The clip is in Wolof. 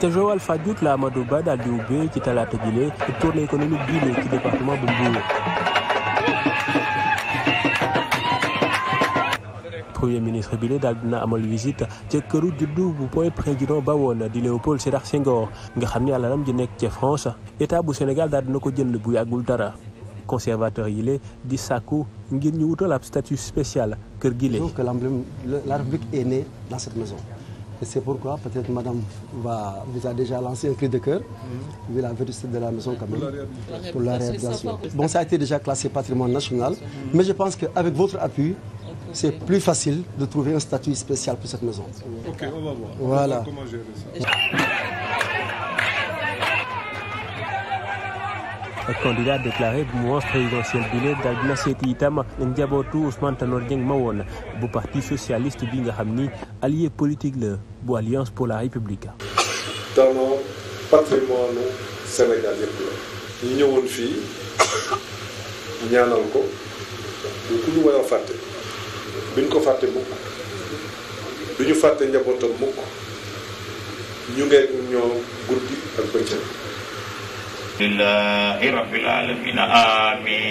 ca Joal Fadiouth la Amadou Ba daal di ubbee ci talaata jile tournée économique bii ci département bu Mbour. premier ministre bi la daal dina amal visite ca këru juddu bu point président ba woon di Léopold Sédar Senghor nga xam ni alalam ji nekk ca France état bu Sénégal daal dina ko jënd bu yàggul dara. conservateur yi lé di sàkku ngir ñu wutal ab statut spécial kër gi lé. la République est née dans cette maison. Et c'est pourquoi peut-être madame va, vous a déjà lancé un cri de cœur, mmh. vu la de la maison pour la réhabilitation. Bon, ça a été déjà classé patrimoine national, mmh. mais je pense qu'avec votre appui, c'est plus facile de trouver un statut spécial pour cette maison. Voilà. candidat déclaré bu mouvance présidentielle bi lee daal dina seeti itam njabootu Ousmane Tanor Dieng ma woon bu parti socialiste bi nga xam ni allié politique la bu alliance pour la république. Tanor patrimoine Sénégal yëpp la ñu ñëwoon fii ñaanal ko du ku ñu war fàtte duñ ko fàtte mukk duñu fàtte njabootam mukk ñu ngeeg ñoo guddi ak bëccëg. لله رب العالمين آمين